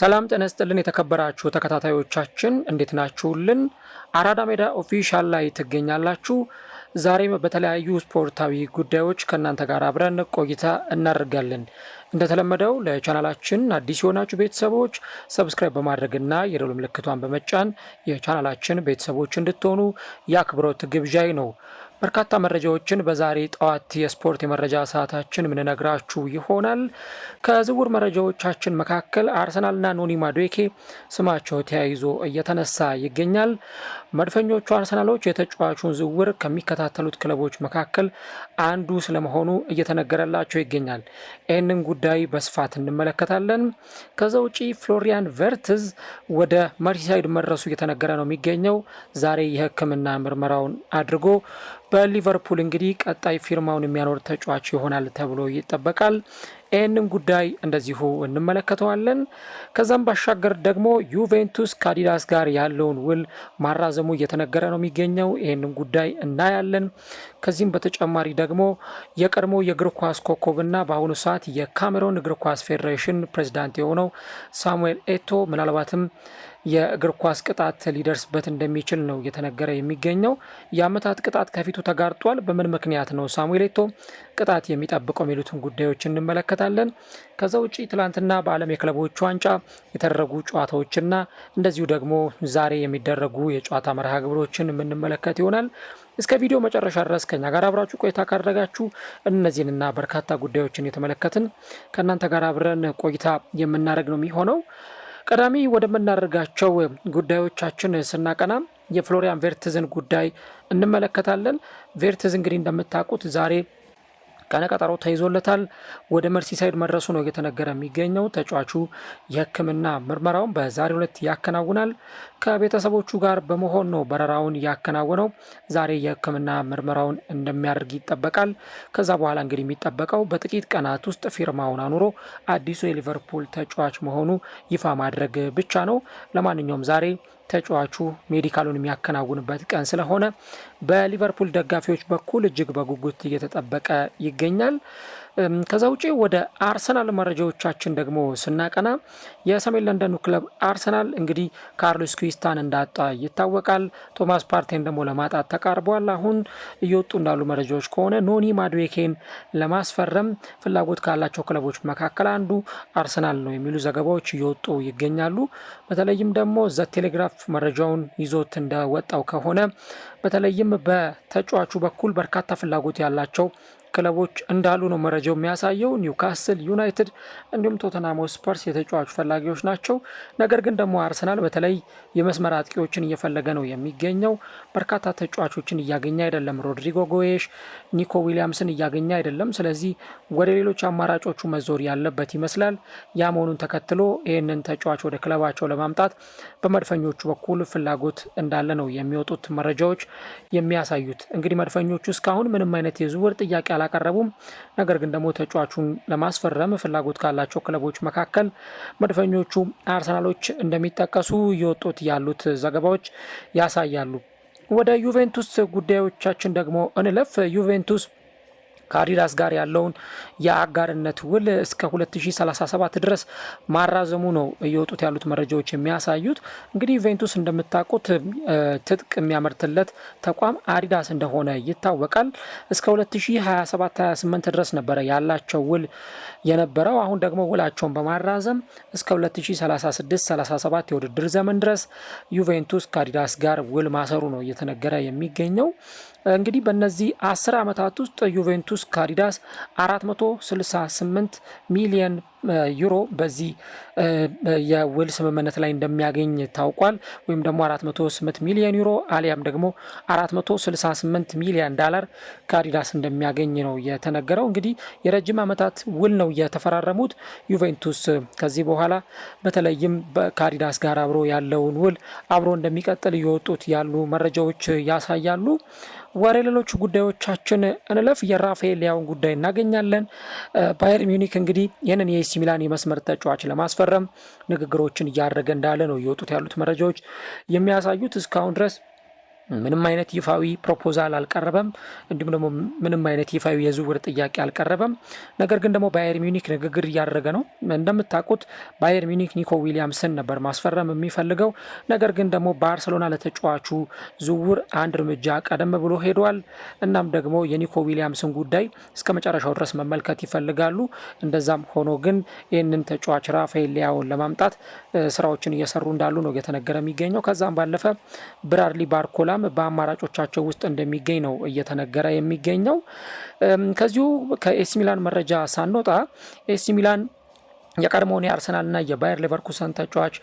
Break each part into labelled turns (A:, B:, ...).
A: ሰላም ጤና ይስጥልን የተከበራችሁ ተከታታዮቻችን እንዴት ናችሁልን? አራዳ ሜዳ ኦፊሻል ላይ ትገኛላችሁ። ዛሬም በተለያዩ ስፖርታዊ ጉዳዮች ከእናንተ ጋር አብረን ቆይታ እናደርጋለን። እንደተለመደው ለቻናላችን አዲስ የሆናችሁ ቤተሰቦች ሰብስክራይብ በማድረግና የደወል ምልክቷን በመጫን የቻናላችን ቤተሰቦች እንድትሆኑ የአክብሮት ግብዣይ ነው። በርካታ መረጃዎችን በዛሬ ጠዋት የስፖርት የመረጃ ሰዓታችን ምንነግራችሁ ይሆናል። ከዝውውር መረጃዎቻችን መካከል አርሰናልና ኖኒ ማዱዌኬ ስማቸው ተያይዞ እየተነሳ ይገኛል። መድፈኞቹ አርሰናሎች የተጫዋቹን ዝውውር ከሚከታተሉት ክለቦች መካከል አንዱ ስለመሆኑ እየተነገረላቸው ይገኛል። ይህንን ጉዳይ በስፋት እንመለከታለን። ከዛ ውጪ ፍሎሪያን ቨርትዝ ወደ መርሲሳይድ መድረሱ እየተነገረ ነው የሚገኘው። ዛሬ የሕክምና ምርመራውን አድርጎ በሊቨርፑል እንግዲህ ቀጣይ ፊርማውን የሚያኖር ተጫዋች ይሆናል ተብሎ ይጠበቃል። ይህንን ጉዳይ እንደዚሁ እንመለከተዋለን። ከዛም ባሻገር ደግሞ ዩቬንቱስ ከአዲዳስ ጋር ያለውን ውል ማራዘሙ እየተነገረ ነው የሚገኘው። ይህንን ጉዳይ እናያለን። ከዚህም በተጨማሪ ደግሞ የቀድሞ የእግር ኳስ ኮከብና በአሁኑ ሰዓት የካሜሮን እግር ኳስ ፌዴሬሽን ፕሬዚዳንት የሆነው ሳሙኤል ኤቶ ምናልባትም የእግር ኳስ ቅጣት ሊደርስበት እንደሚችል ነው እየተነገረ የሚገኘው። የአመታት ቅጣት ከፊቱ ተጋርጧል። በምን ምክንያት ነው ሳሙኤል ኤቶ ቅጣት የሚጠብቀው የሚሉትን ጉዳዮች እንመለከት እንመለከታለን። ከዛ ውጭ ትላንትና በዓለም የክለቦች ዋንጫ የተደረጉ ጨዋታዎችና እንደዚሁ ደግሞ ዛሬ የሚደረጉ የጨዋታ መርሃ ግብሮችን የምንመለከት ይሆናል። እስከ ቪዲዮ መጨረሻ ድረስ ከኛ ጋር አብራችሁ ቆይታ ካደረጋችሁ እነዚህንና በርካታ ጉዳዮችን የተመለከትን ከእናንተ ጋር አብረን ቆይታ የምናደርግ ነው የሚሆነው። ቀዳሚ ወደምናደርጋቸው ጉዳዮቻችን ስናቀና የፍሎሪያን ቬርትዝን ጉዳይ እንመለከታለን። ቬርትዝ እንግዲህ እንደምታውቁት ዛሬ ቀነ ቀጠሮ ተይዞለታል። ወደ መርሲሳይድ መድረሱ ነው እየተነገረ የሚገኘው። ተጫዋቹ የሕክምና ምርመራውን በዛሬው ዕለት ያከናውናል። ከቤተሰቦቹ ጋር በመሆን ነው በረራውን እያከናውነው ዛሬ የሕክምና ምርመራውን እንደሚያደርግ ይጠበቃል። ከዛ በኋላ እንግዲህ የሚጠበቀው በጥቂት ቀናት ውስጥ ፊርማውን አኑሮ አዲሱ የሊቨርፑል ተጫዋች መሆኑ ይፋ ማድረግ ብቻ ነው። ለማንኛውም ዛሬ ተጫዋቹ ሜዲካሉን የሚያከናውንበት ቀን ስለሆነ በሊቨርፑል ደጋፊዎች በኩል እጅግ በጉጉት እየተጠበቀ ይገኛል። ከዛ ውጪ ወደ አርሰናል መረጃዎቻችን ደግሞ ስናቀና የሰሜን ለንደኑ ክለብ አርሰናል እንግዲህ ካርሎስ ኩዊስታን እንዳጣ ይታወቃል። ቶማስ ፓርቴን ደግሞ ለማጣት ተቃርቧል። አሁን እየወጡ እንዳሉ መረጃዎች ከሆነ ኖኒ ማድዌኬን ለማስፈረም ፍላጎት ካላቸው ክለቦች መካከል አንዱ አርሰናል ነው የሚሉ ዘገባዎች እየወጡ ይገኛሉ። በተለይም ደግሞ ዘ ቴሌግራፍ መረጃውን ይዞት እንደወጣው ከሆነ በተለይም በተጫዋቹ በኩል በርካታ ፍላጎት ያላቸው ክለቦች እንዳሉ ነው መረጃው የሚያሳየው። ኒውካስል ዩናይትድ፣ እንዲሁም ቶተናም ስፐርስ የተጫዋቹ ፈላጊዎች ናቸው። ነገር ግን ደግሞ አርሰናል በተለይ የመስመር አጥቂዎችን እየፈለገ ነው የሚገኘው። በርካታ ተጫዋቾችን እያገኘ አይደለም። ሮድሪጎ ጎዬሽ፣ ኒኮ ዊሊያምስን እያገኘ አይደለም። ስለዚህ ወደ ሌሎች አማራጮቹ መዞር ያለበት ይመስላል። ያ መሆኑን ተከትሎ ይህንን ተጫዋች ወደ ክለባቸው ለማምጣት በመድፈኞቹ በኩል ፍላጎት እንዳለ ነው የሚወጡት መረጃዎች የሚያሳዩት። እንግዲህ መድፈኞቹ እስካሁን ምንም አይነት የዝውውር ጥያቄ አላ አላቀረቡም። ነገር ግን ደግሞ ተጫዋቹን ለማስፈረም ፍላጎት ካላቸው ክለቦች መካከል መድፈኞቹ አርሰናሎች እንደሚጠቀሱ እየወጡት ያሉት ዘገባዎች ያሳያሉ። ወደ ዩቬንቱስ ጉዳዮቻችን ደግሞ እንለፍ። ዩቬንቱስ ከአዲዳስ ጋር ያለውን የአጋርነት ውል እስከ 2037 ድረስ ማራዘሙ ነው እየወጡት ያሉት መረጃዎች የሚያሳዩት። እንግዲህ ዩቬንቱስ እንደምታውቁት ትጥቅ የሚያመርትለት ተቋም አዲዳስ እንደሆነ ይታወቃል። እስከ 2027/28 ድረስ ነበረ ያላቸው ውል የነበረው። አሁን ደግሞ ውላቸውን በማራዘም እስከ 2036/37 የውድድር ዘመን ድረስ ዩቬንቱስ ከአዲዳስ ጋር ውል ማሰሩ ነው እየተነገረ የሚገኘው። እንግዲህ በእነዚህ አስር ዓመታት ውስጥ ዩቬንቱስ ቅዱስ ካዲዳስ 468 ሚሊየን ዩሮ በዚህ የውል ስምምነት ላይ እንደሚያገኝ ታውቋል። ወይም ደግሞ 408 ሚሊዮን ዩሮ አሊያም ደግሞ 468 ሚሊዮን ዳላር ከአዲዳስ እንደሚያገኝ ነው የተነገረው። እንግዲህ የረጅም ዓመታት ውል ነው የተፈራረሙት። ዩቬንቱስ ከዚህ በኋላ በተለይም ከአዲዳስ ጋር አብሮ ያለውን ውል አብሮ እንደሚቀጥል እየወጡት ያሉ መረጃዎች ያሳያሉ። ወደ ሌሎቹ ጉዳዮቻችን እንለፍ። የራፋኤል ሊያውን ጉዳይ እናገኛለን። ባየር ሚኒክ እንግዲህ ይህንን የሲ ሚላን የመስመር ተጫዋች ለማስፈረም ንግግሮችን እያደረገ እንዳለ ነው እየወጡት ያሉት መረጃዎች የሚያሳዩት። እስካሁን ድረስ ምንም አይነት ይፋዊ ፕሮፖዛል አልቀረበም። እንዲሁም ደግሞ ምንም አይነት ይፋዊ የዝውውር ጥያቄ አልቀረበም። ነገር ግን ደግሞ ባየር ሚኒክ ንግግር እያደረገ ነው። እንደምታውቁት ባየር ሚኒክ ኒኮ ዊሊያምስን ነበር ማስፈረም የሚፈልገው። ነገር ግን ደግሞ ባርሰሎና ለተጫዋቹ ዝውውር አንድ እርምጃ ቀደም ብሎ ሄዷል። እናም ደግሞ የኒኮ ዊሊያምስን ጉዳይ እስከ መጨረሻው ድረስ መመልከት ይፈልጋሉ። እንደዛም ሆኖ ግን ይህንን ተጫዋች ራፋኤል ሊያውን ለማምጣት ስራዎችን እየሰሩ እንዳሉ ነው እየተነገረ የሚገኘው። ከዛም ባለፈ ብራድሊ ባርኮላ መረጃም በአማራጮቻቸው ውስጥ እንደሚገኝ ነው እየተነገረ የሚገኘው። ከዚሁ ከኤሲ ሚላን መረጃ ሳንወጣ ኤሲ ሚላን የቀድሞውን የአርሰናልና የባየር ሌቨርኩሰን ተጫዋች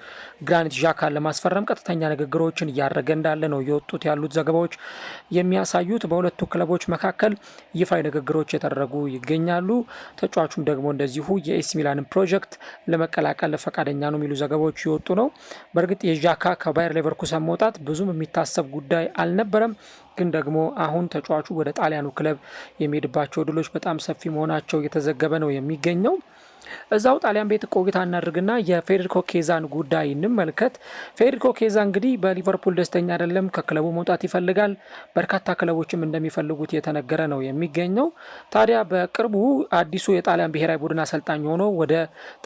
A: ግራኒት ዣካን ለማስፈረም ቀጥተኛ ንግግሮችን እያደረገ እንዳለ ነው የወጡት ያሉት ዘገባዎች የሚያሳዩት። በሁለቱ ክለቦች መካከል ይፋዊ ንግግሮች የተደረጉ ይገኛሉ። ተጫዋቹም ደግሞ እንደዚሁ የኤሲ ሚላንን ፕሮጀክት ለመቀላቀል ፈቃደኛ ነው የሚሉ ዘገባዎች ይወጡ ነው። በእርግጥ የዣካ ከባየር ሌቨርኩሰን መውጣት ብዙም የሚታሰብ ጉዳይ አልነበረም። ግን ደግሞ አሁን ተጫዋቹ ወደ ጣሊያኑ ክለብ የሚሄድባቸው እድሎች በጣም ሰፊ መሆናቸው እየተዘገበ ነው የሚገኘው። እዛው ጣሊያን ቤት ቆይታ እናድርግና የፌዴሪኮ ኬዛን ጉዳይ እንመልከት። ፌዴሪኮ ኬዛ እንግዲህ በሊቨርፑል ደስተኛ አይደለም፣ ከክለቡ መውጣት ይፈልጋል። በርካታ ክለቦችም እንደሚፈልጉት የተነገረ ነው የሚገኘው። ታዲያ በቅርቡ አዲሱ የጣሊያን ብሔራዊ ቡድን አሰልጣኝ ሆኖ ወደ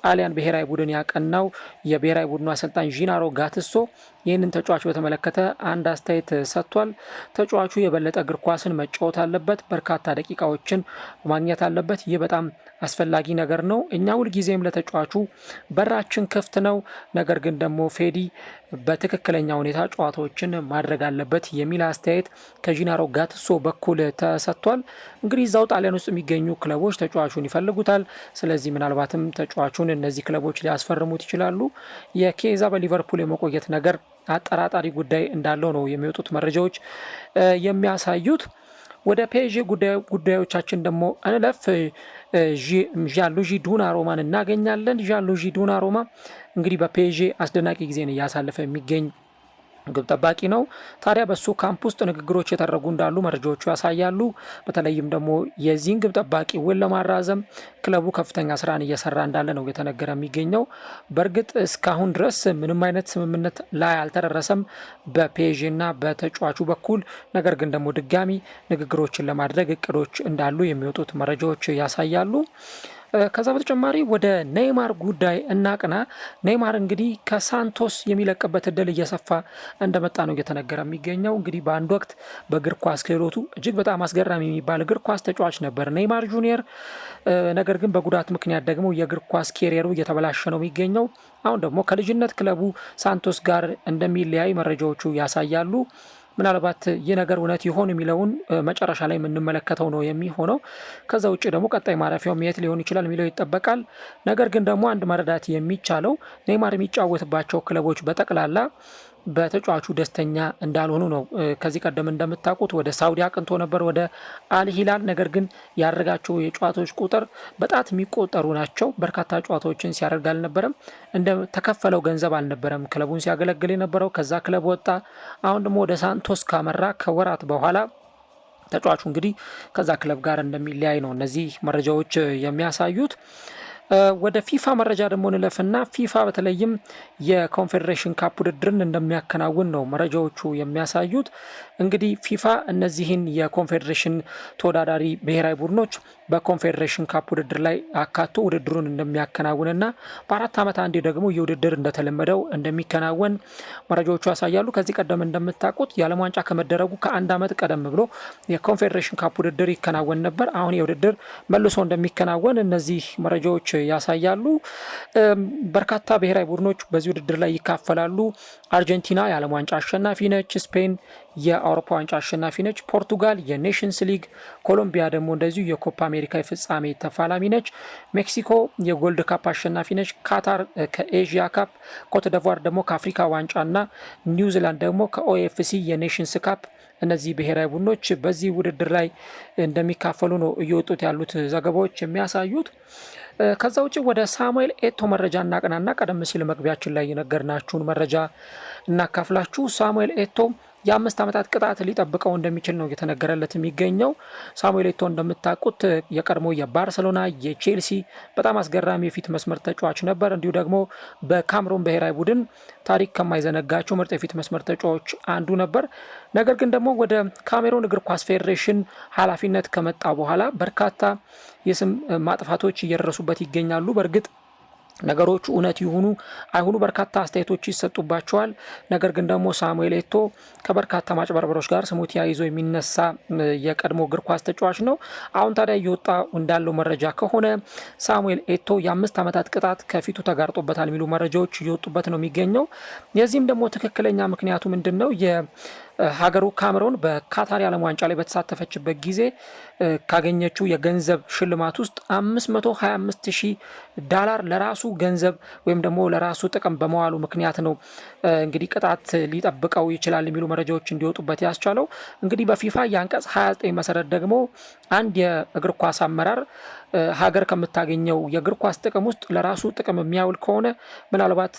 A: ጣሊያን ብሔራዊ ቡድን ያቀናው የብሔራዊ ቡድኑ አሰልጣኝ ዢናሮ ጋትሶ ይህንን ተጫዋች በተመለከተ አንድ አስተያየት ሰጥቷል። ተጫዋቹ የበለጠ እግር ኳስን መጫወት አለበት፣ በርካታ ደቂቃዎችን ማግኘት አለበት። ይህ በጣም አስፈላጊ ነገር ነው እኛ ሁልጊዜም ለተጫዋቹ በራችን ክፍት ነው። ነገር ግን ደግሞ ፌዲ በትክክለኛ ሁኔታ ጨዋታዎችን ማድረግ አለበት የሚል አስተያየት ከጂናሮ ጋትሶ በኩል ተሰጥቷል። እንግዲህ እዛው ጣሊያን ውስጥ የሚገኙ ክለቦች ተጫዋቹን ይፈልጉታል። ስለዚህ ምናልባትም ተጫዋቹን እነዚህ ክለቦች ሊያስፈርሙት ይችላሉ። የኬዛ በሊቨርፑል የመቆየት ነገር አጠራጣሪ ጉዳይ እንዳለው ነው የሚወጡት መረጃዎች የሚያሳዩት። ወደ ፔዥ ጉዳዮቻችን ደግሞ እንለፍ። ዣንሉጂ ሮማን እናገኛለን። ዣንሉጂ ሮማ እንግዲህ በፔዤ አስደናቂ ጊዜን እያሳለፈ የሚገኝ ግብ ጠባቂ ነው። ታዲያ በሱ ካምፕ ውስጥ ንግግሮች የተደረጉ እንዳሉ መረጃዎቹ ያሳያሉ። በተለይም ደግሞ የዚህን ግብ ጠባቂ ውል ለማራዘም ክለቡ ከፍተኛ ስራን እየሰራ እንዳለ ነው እየተነገረ የሚገኘው። በእርግጥ እስካሁን ድረስ ምንም አይነት ስምምነት ላይ አልተደረሰም በፔዥ እና በተጫዋቹ በኩል ነገር ግን ደግሞ ድጋሚ ንግግሮችን ለማድረግ እቅዶች እንዳሉ የሚወጡት መረጃዎች ያሳያሉ። ከዛ በተጨማሪ ወደ ኔይማር ጉዳይ እናቅና። ኔይማር እንግዲህ ከሳንቶስ የሚለቅበት እድል እየሰፋ እንደመጣ ነው እየተነገረ የሚገኘው። እንግዲህ በአንድ ወቅት በእግር ኳስ ክህሎቱ እጅግ በጣም አስገራሚ የሚባል እግር ኳስ ተጫዋች ነበር ኔይማር ጁኒየር። ነገር ግን በጉዳት ምክንያት ደግሞ የእግር ኳስ ኬሪየሩ እየተበላሸ ነው የሚገኘው። አሁን ደግሞ ከልጅነት ክለቡ ሳንቶስ ጋር እንደሚለያይ መረጃዎቹ ያሳያሉ። ምናልባት ይህ ነገር እውነት ይሆን የሚለውን መጨረሻ ላይ የምንመለከተው ነው የሚሆነው። ከዛ ውጭ ደግሞ ቀጣይ ማረፊያው የት ሊሆን ይችላል የሚለው ይጠበቃል። ነገር ግን ደግሞ አንድ መረዳት የሚቻለው ኔይማር የሚጫወትባቸው ክለቦች በጠቅላላ በተጫዋቹ ደስተኛ እንዳልሆኑ ነው። ከዚህ ቀደም እንደምታውቁት ወደ ሳውዲ አቅንቶ ነበር ወደ አልሂላል። ነገር ግን ያደረጋቸው የጨዋታዎች ቁጥር በጣት የሚቆጠሩ ናቸው። በርካታ ጨዋታዎችን ሲያደርግ አልነበረም። እንደ ተከፈለው ገንዘብ አልነበረም ክለቡን ሲያገለግል የነበረው። ከዛ ክለብ ወጣ። አሁን ደግሞ ወደ ሳንቶስ ካመራ ከወራት በኋላ ተጫዋቹ እንግዲህ ከዛ ክለብ ጋር እንደሚለያይ ነው እነዚህ መረጃዎች የሚያሳዩት። ወደ ፊፋ መረጃ ደግሞ እንለፍና ፊፋ በተለይም የኮንፌዴሬሽን ካፕ ውድድርን እንደሚያከናውን ነው መረጃዎቹ የሚያሳዩት። እንግዲህ ፊፋ እነዚህን የኮንፌዴሬሽን ተወዳዳሪ ብሔራዊ ቡድኖች በኮንፌዴሬሽን ካፕ ውድድር ላይ አካቶ ውድድሩን እንደሚያከናውንና በአራት ዓመት አንዴ ደግሞ ይህ ውድድር እንደተለመደው እንደሚከናወን መረጃዎቹ ያሳያሉ። ከዚህ ቀደም እንደምታውቁት የዓለም ዋንጫ ከመደረጉ ከአንድ ዓመት ቀደም ብሎ የኮንፌዴሬሽን ካፕ ውድድር ይከናወን ነበር። አሁን የውድድር መልሶ እንደሚከናወን እነዚህ መረጃዎች ያሳያሉ። በርካታ ብሔራዊ ቡድኖች በዚህ ውድድር ላይ ይካፈላሉ። አርጀንቲና የዓለም ዋንጫ አሸናፊ ነች። ስፔን የአውሮፓ ዋንጫ አሸናፊ ነች። ፖርቱጋል የኔሽንስ ሊግ፣ ኮሎምቢያ ደግሞ እንደዚሁ የኮፓ አሜሪካ የፍጻሜ ተፋላሚ ነች። ሜክሲኮ የጎልድ ካፕ አሸናፊ ነች። ካታር ከኤዥያ ካፕ፣ ኮትደቫር ደግሞ ከአፍሪካ ዋንጫ እና ኒውዚላንድ ደግሞ ከኦኤፍሲ የኔሽንስ ካፕ እነዚህ ብሔራዊ ቡድኖች በዚህ ውድድር ላይ እንደሚካፈሉ ነው እየወጡት ያሉት ዘገባዎች የሚያሳዩት። ከዛ ውጭ ወደ ሳሙኤል ኤቶ መረጃ እናቅናና ቀደም ሲል መግቢያችን ላይ የነገርናችሁን መረጃ እናካፍላችሁ። ሳሙኤል ኤቶም የአምስት ዓመታት ቅጣት ሊጠብቀው እንደሚችል ነው እየተነገረለት የሚገኘው። ሳሙኤል ኤቶ እንደምታውቁት የቀድሞ የባርሰሎና የቼልሲ በጣም አስገራሚ የፊት መስመር ተጫዋች ነበር። እንዲሁ ደግሞ በካምሮን ብሔራዊ ቡድን ታሪክ ከማይዘነጋቸው ምርጥ የፊት መስመር ተጫዋች አንዱ ነበር። ነገር ግን ደግሞ ወደ ካሜሮን እግር ኳስ ፌዴሬሽን ኃላፊነት ከመጣ በኋላ በርካታ የስም ማጥፋቶች እየደረሱበት ይገኛሉ። በእርግጥ ነገሮቹ እውነት ይሁኑ አይሁኑ በርካታ አስተያየቶች ይሰጡባቸዋል። ነገር ግን ደግሞ ሳሙኤል ኤቶ ከበርካታ ማጭበርበሮች ጋር ስሙ ተያይዞ የሚነሳ የቀድሞ እግር ኳስ ተጫዋች ነው። አሁን ታዲያ እየወጣ እንዳለው መረጃ ከሆነ ሳሙኤል ኤቶ የአምስት ዓመታት ቅጣት ከፊቱ ተጋርጦበታል የሚሉ መረጃዎች እየወጡበት ነው የሚገኘው። የዚህም ደግሞ ትክክለኛ ምክንያቱ ምንድን ነው? ሀገሩ ካምሮን በካታር የዓለም ዋንጫ ላይ በተሳተፈችበት ጊዜ ካገኘችው የገንዘብ ሽልማት ውስጥ 525 ሺህ ዳላር ለራሱ ገንዘብ ወይም ደግሞ ለራሱ ጥቅም በመዋሉ ምክንያት ነው እንግዲህ ቅጣት ሊጠብቀው ይችላል የሚሉ መረጃዎች እንዲወጡበት ያስቻለው። እንግዲህ በፊፋ የአንቀጽ 29 መሰረት ደግሞ አንድ የእግር ኳስ አመራር ሀገር ከምታገኘው የእግር ኳስ ጥቅም ውስጥ ለራሱ ጥቅም የሚያውል ከሆነ ምናልባት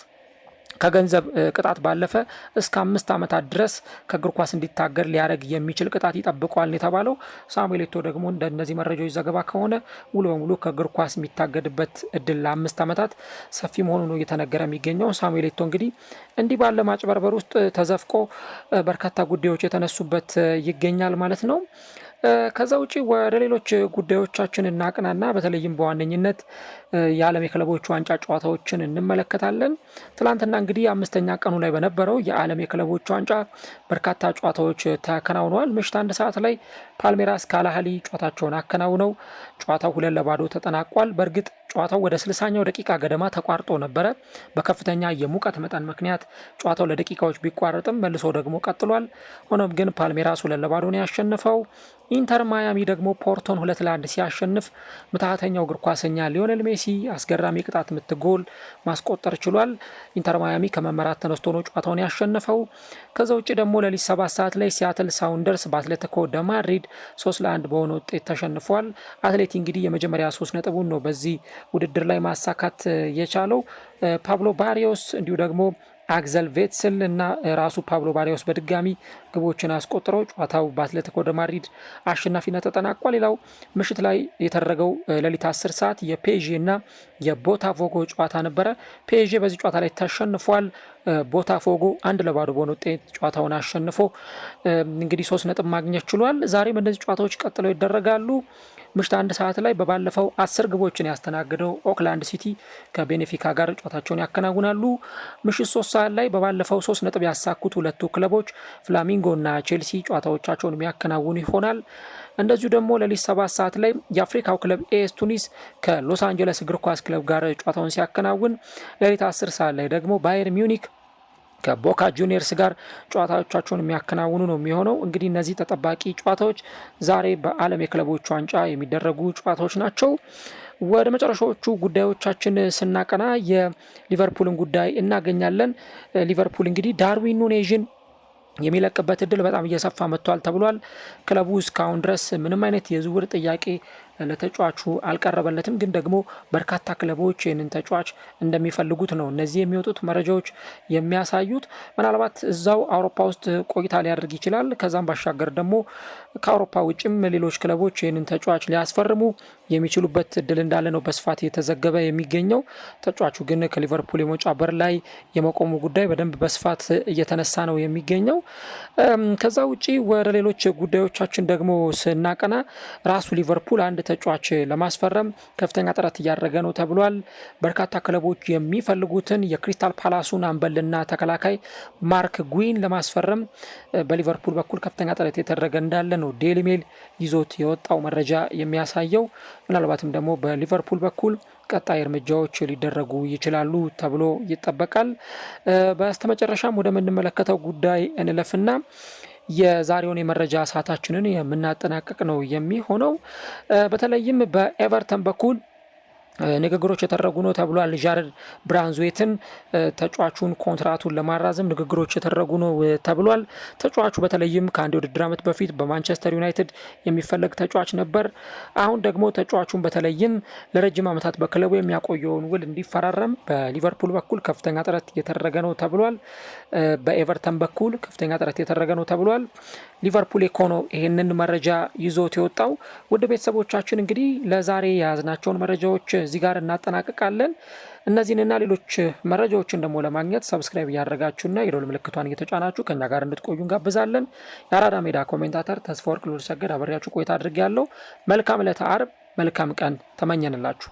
A: ከገንዘብ ቅጣት ባለፈ እስከ አምስት ዓመታት ድረስ ከእግር ኳስ እንዲታገድ ሊያደርግ የሚችል ቅጣት ይጠብቋል የተባለው ሳሙኤል ኤቶ ደግሞ እንደነዚህ መረጃዎች ዘገባ ከሆነ ሙሉ በሙሉ ከእግር ኳስ የሚታገድበት እድል ለአምስት ዓመታት ሰፊ መሆኑ ነው እየተነገረ የሚገኘው። ሳሙኤል ኤቶ እንግዲህ እንዲህ ባለ ማጭበርበር ውስጥ ተዘፍቆ በርካታ ጉዳዮች የተነሱበት ይገኛል ማለት ነው። ከዛ ውጪ ወደ ሌሎች ጉዳዮቻችን እናቅናና በተለይም በዋነኝነት የዓለም የክለቦች ዋንጫ ጨዋታዎችን እንመለከታለን። ትላንትና እንግዲህ አምስተኛ ቀኑ ላይ በነበረው የዓለም የክለቦች ዋንጫ በርካታ ጨዋታዎች ተከናውነዋል። ምሽት አንድ ሰዓት ላይ ፓልሜራስ ካላህሊ ጨዋታቸውን አከናውነው ጨዋታው ሁለት ለባዶ ተጠናቋል። በእርግጥ ጨዋታው ወደ ስልሳኛው ደቂቃ ገደማ ተቋርጦ ነበረ። በከፍተኛ የሙቀት መጠን ምክንያት ጨዋታው ለደቂቃዎች ቢቋረጥም መልሶ ደግሞ ቀጥሏል። ሆኖም ግን ፓልሜራስ ሁለት ለባዶ ነው ያሸነፈው። ኢንተር ማያሚ ደግሞ ፖርቶን ሁለት ለአንድ ሲያሸንፍ ምትሃተኛው እግር ኳሰኛ ሊዮኔል ሜሲ ሜሲ አስገራሚ ቅጣት ምት ጎል ማስቆጠር ችሏል። ኢንተር ማያሚ ከመመራት ተነስቶ ነው ጨዋታውን ያሸነፈው። ከዛ ውጭ ደግሞ ለሊት ሰባት ሰዓት ላይ ሲያትል ሳውንደርስ በአትሌቲኮ ደ ማድሪድ ሶስት ለአንድ በሆነ ውጤት ተሸንፏል። አትሌቲ እንግዲህ የመጀመሪያ ሶስት ነጥቡን ነው በዚህ ውድድር ላይ ማሳካት የቻለው ፓብሎ ባሪዮስ እንዲሁ ደግሞ አክዘል ቬትስል እና ራሱ ፓብሎ ባሪያውስ በድጋሚ ግቦችን አስቆጥረው ጨዋታው በአትሌቲኮ ደ ማድሪድ አሸናፊነት ተጠናቋል። ሌላው ምሽት ላይ የተደረገው ሌሊት 10 ሰዓት የፔዤ እና የቦታፎጎ ጨዋታ ነበረ። ፔዤ በዚህ ጨዋታ ላይ ተሸንፏል። ቦታፎጎ አንድ ለባዶ በሆነ ውጤት ጨዋታውን አሸንፎ እንግዲህ ሶስት ነጥብ ማግኘት ችሏል። ዛሬም እነዚህ ጨዋታዎች ቀጥለው ይደረጋሉ። ምሽት አንድ ሰዓት ላይ በባለፈው አስር ግቦችን ያስተናገደው ኦክላንድ ሲቲ ከቤኔፊካ ጋር ጨዋታቸውን ያከናውናሉ። ምሽት ሶስት ሰዓት ላይ በባለፈው ሶስት ነጥብ ያሳኩት ሁለቱ ክለቦች ፍላሚንጎና ቼልሲ ጨዋታዎቻቸውን የሚያከናውኑ ይሆናል። እንደዚሁ ደግሞ ሌሊት ሰባት ሰዓት ላይ የአፍሪካው ክለብ ኤስ ቱኒስ ከሎስ አንጀለስ እግር ኳስ ክለብ ጋር ጨዋታውን ሲያከናውን፣ ሌሊት አስር ሰዓት ላይ ደግሞ ባየር ሚዩኒክ ከቦካ ጁኒየርስ ጋር ጨዋታዎቻቸውን የሚያከናውኑ ነው የሚሆነው። እንግዲህ እነዚህ ተጠባቂ ጨዋታዎች ዛሬ በዓለም የክለቦች ዋንጫ የሚደረጉ ጨዋታዎች ናቸው። ወደ መጨረሻዎቹ ጉዳዮቻችን ስናቀና የሊቨርፑልን ጉዳይ እናገኛለን። ሊቨርፑል እንግዲህ ዳርዊን ኑኔዥን የሚለቅበት እድል በጣም እየሰፋ መጥቷል ተብሏል። ክለቡ እስካሁን ድረስ ምንም አይነት የዝውውር ጥያቄ ለተጫዋቹ አልቀረበለትም። ግን ደግሞ በርካታ ክለቦች ይህንን ተጫዋች እንደሚፈልጉት ነው እነዚህ የሚወጡት መረጃዎች የሚያሳዩት። ምናልባት እዛው አውሮፓ ውስጥ ቆይታ ሊያደርግ ይችላል። ከዛም ባሻገር ደግሞ ከአውሮፓ ውጭም ሌሎች ክለቦች ይህንን ተጫዋች ሊያስፈርሙ የሚችሉበት እድል እንዳለ ነው በስፋት እየተዘገበ የሚገኘው። ተጫዋቹ ግን ከሊቨርፑል የመውጫ በር ላይ የመቆሙ ጉዳይ በደንብ በስፋት እየተነሳ ነው የሚገኘው። ከዛ ውጪ ወደ ሌሎች ጉዳዮቻችን ደግሞ ስናቀና ራሱ ሊቨርፑል አንድ ተጫዋች ለማስፈረም ከፍተኛ ጥረት እያደረገ ነው ተብሏል። በርካታ ክለቦች የሚፈልጉትን የክሪስታል ፓላሱን አምበልና ተከላካይ ማርክ ጉዊን ለማስፈረም በሊቨርፑል በኩል ከፍተኛ ጥረት የተደረገ እንዳለ ነው ዴሊ ሜል ይዞት የወጣው መረጃ የሚያሳየው። ምናልባትም ደግሞ በሊቨርፑል በኩል ቀጣይ እርምጃዎች ሊደረጉ ይችላሉ ተብሎ ይጠበቃል። በስተመጨረሻም ወደምንመለከተው ጉዳይ እንለፍና የዛሬውን የመረጃ ሰዓታችንን የምናጠናቀቅ ነው የሚሆነው። በተለይም በኤቨርተን በኩል ንግግሮች የተደረጉ ነው ተብሏል። ጃረድ ብራንዝዌትን ተጫዋቹን ኮንትራቱን ለማራዘም ንግግሮች የተደረጉ ነው ተብሏል። ተጫዋቹ በተለይም ከአንድ የውድድር ዓመት በፊት በማንቸስተር ዩናይትድ የሚፈለግ ተጫዋች ነበር። አሁን ደግሞ ተጫዋቹን በተለይም ለረጅም ዓመታት በክለቡ የሚያቆየውን ውል እንዲፈራረም በሊቨርፑል በኩል ከፍተኛ ጥረት እየተደረገ ነው ተብሏል። በኤቨርተን በኩል ከፍተኛ ጥረት እየተደረገ ነው ተብሏል። ሊቨርፑል ኤኮ ይህንን መረጃ ይዞት የወጣው። ውድ ቤተሰቦቻችን እንግዲህ ለዛሬ የያዝናቸውን መረጃዎች እዚህ ጋር እናጠናቅቃለን። እነዚህንና ሌሎች መረጃዎችን ደግሞ ለማግኘት ሰብስክራይብ እያደረጋችሁና የደወል ምልክቷን እየተጫናችሁ ከኛ ጋር እንድትቆዩ እንጋብዛለን። የአራዳ ሜዳ ኮሜንታተር ተስፋወርቅ ልዑልሰገድ አብሬያችሁ ቆይታ ያለው መልካም ዕለተ አርብ መልካም ቀን ተመኘንላችሁ።